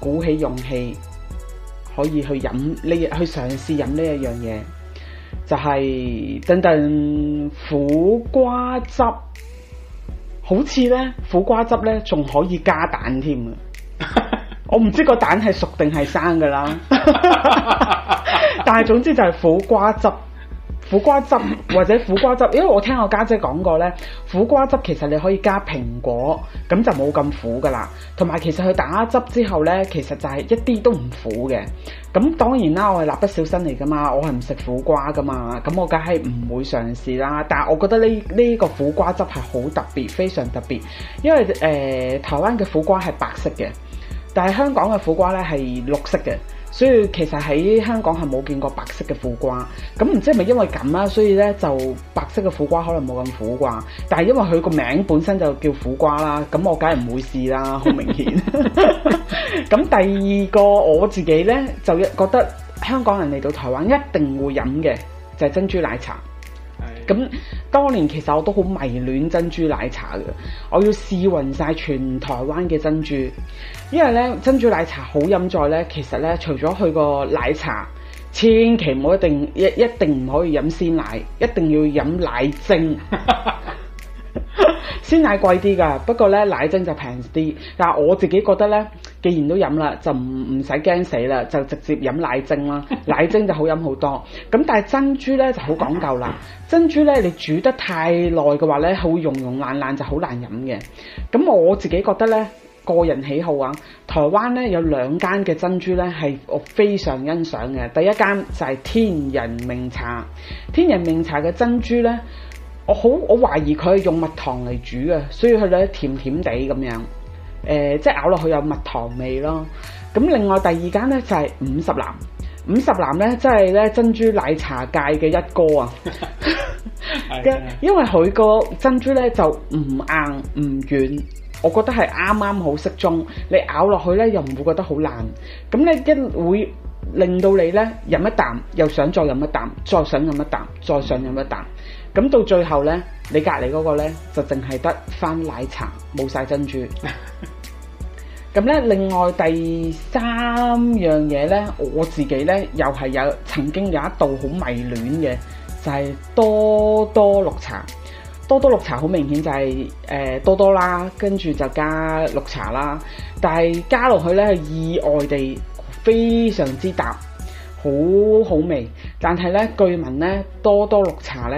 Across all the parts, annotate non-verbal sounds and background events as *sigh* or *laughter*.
鼓起勇氣，可以去飲呢，去嘗試飲呢一樣嘢，就係等等苦瓜汁。好似咧苦瓜汁咧，仲可以加蛋添啊！ *laughs* 我唔知個蛋係熟定係生噶啦， *laughs* *laughs* 但係總之就係苦瓜汁。苦瓜汁或者苦瓜汁，因為我聽我家姐講過咧，苦瓜汁其實你可以加蘋果，咁就冇咁苦噶啦。同埋其實佢打汁之後咧，其實就係一啲都唔苦嘅。咁當然啦，我係蠟筆小新嚟噶嘛，我係唔食苦瓜噶嘛，咁我梗係唔會嘗試啦。但係我覺得呢呢、這個苦瓜汁係好特別，非常特別，因為誒、呃、台灣嘅苦瓜係白色嘅，但係香港嘅苦瓜咧係綠色嘅。所以其實喺香港係冇見過白色嘅苦瓜，咁唔知係咪因為咁啦，所以咧就白色嘅苦瓜可能冇咁苦瓜，但係因為佢個名本身就叫苦瓜啦，咁我梗係唔會試啦，好明顯。咁第二個我自己咧就覺得香港人嚟到台灣一定會飲嘅就係珍珠奶茶。咁，當年其實我都好迷戀珍珠奶茶嘅，我要試勻晒全台灣嘅珍珠。因為咧珍珠奶茶好飲在咧，其實咧除咗去個奶茶，千祈唔好一定一一定唔可以飲鮮奶，一定要飲奶精， *laughs* 鮮奶貴啲㗎，不過咧奶精就平啲。但係我自己覺得咧。既然都飲啦，就唔唔使驚死啦，就直接飲奶精啦，奶精就好飲好多。咁 *laughs* 但係珍珠呢就好講究啦，珍珠呢你煮得太耐嘅話呢，好溶溶爛爛就好難飲嘅。咁我自己覺得呢，個人喜好啊，台灣呢有兩間嘅珍珠呢係我非常欣賞嘅，第一間就係天人茗茶，天人茗茶嘅珍珠呢，我好我懷疑佢係用蜜糖嚟煮嘅，所以佢咧甜甜地咁樣。誒、呃，即係咬落去有蜜糖味咯。咁另外第二間呢，就係、是、五十嵐，五十嵐呢，即係咧珍珠奶茶界嘅一哥啊。因為佢個珍珠呢，就唔硬唔軟，我覺得係啱啱好適中。你咬落去呢，又唔會覺得好爛，咁呢，一會令到你呢，飲一啖又想再飲一啖，再想飲一啖，再想飲一啖。咁到最後呢，你隔離嗰個呢，就淨係得返奶茶，冇晒珍珠。咁 *laughs* 呢，另外第三樣嘢呢，我自己呢，又係有曾經有一道好迷戀嘅，就係多多綠茶。多多綠茶好明顯就係呃多多啦，跟住就加綠茶啦。但係加落去呢，意外地非常之搭，好好味。但係呢，據聞呢，多多綠茶呢。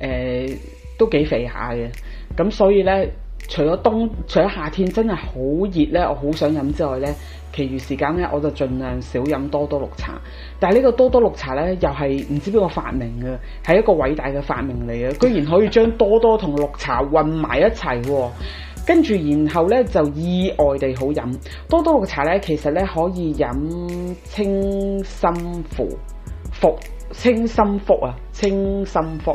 誒都幾肥下嘅，咁所以呢，除咗冬，除咗夏天真係好熱呢，我好想飲之外呢，其餘時間呢，我就盡量少飲多多綠茶。但係呢個多多綠茶呢，又係唔知邊個發明嘅，係一個偉大嘅發明嚟嘅，居然可以將多多同綠茶混埋一齊喎、哦。跟住然後呢，就意外地好飲。多多綠茶呢，其實呢，可以飲清心福，福清心福啊，清心福。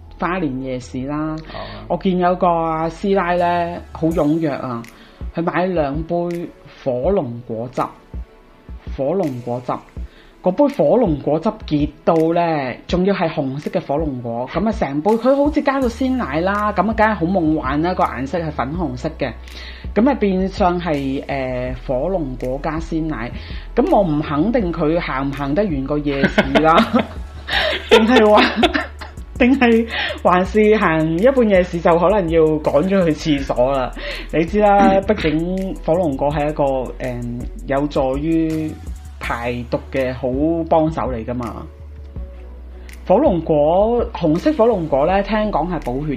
花蓮夜市啦，oh. 我見有個、啊、師奶咧好踴躍啊，佢買兩杯火龍果汁，火龍果汁嗰杯火龍果汁結到咧，仲要係紅色嘅火龍果，咁啊成杯佢好似加咗鮮奶啦，咁啊梗係好夢幻啦，個顏色係粉紅色嘅，咁啊變相係誒、呃、火龍果加鮮奶，咁我唔肯定佢行唔行得完個夜市啦，淨係話。 *laughs* 定係，還是行一半夜市就可能要趕咗去廁所啦。你知啦，畢竟火龍果係一個、嗯、有助於排毒嘅好幫手嚟㗎嘛。火龍果，紅色火龍果咧，聽講係補血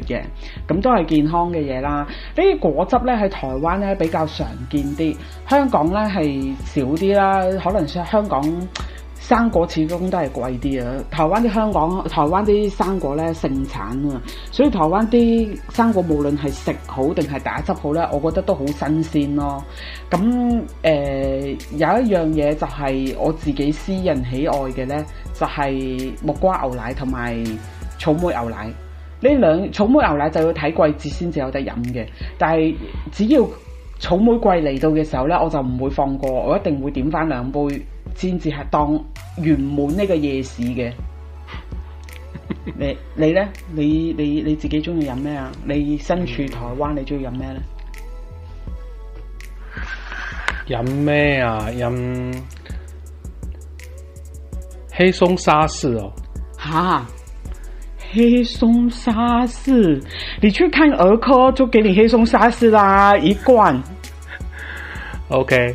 嘅，咁都係健康嘅嘢啦。呢啲果汁咧，喺台灣咧比較常見啲，香港咧係少啲啦，可能香港，生果始終都係貴啲啊！台灣啲香港，台灣啲生果咧盛產啊，所以台灣啲生果無論係食好定係打汁好咧，我覺得都好新鮮咯。咁誒、呃、有一樣嘢就係我自己私人喜愛嘅咧，就係、是、木瓜牛奶同埋草莓牛奶呢兩，草莓牛奶就要睇季節先至有得飲嘅，但係只要草莓季嚟到嘅時候咧，我就唔會放過，我一定會點返兩杯。先至係當圓滿呢個夜市嘅， *laughs* 你你咧，你你你自己中意飲咩啊？你身處台灣，嗯、你中意飲咩咧？飲咩啊？飲黑松沙士哦！吓、啊？黑松沙士，你去看兒科就給你黑松沙士啦，一罐。O K。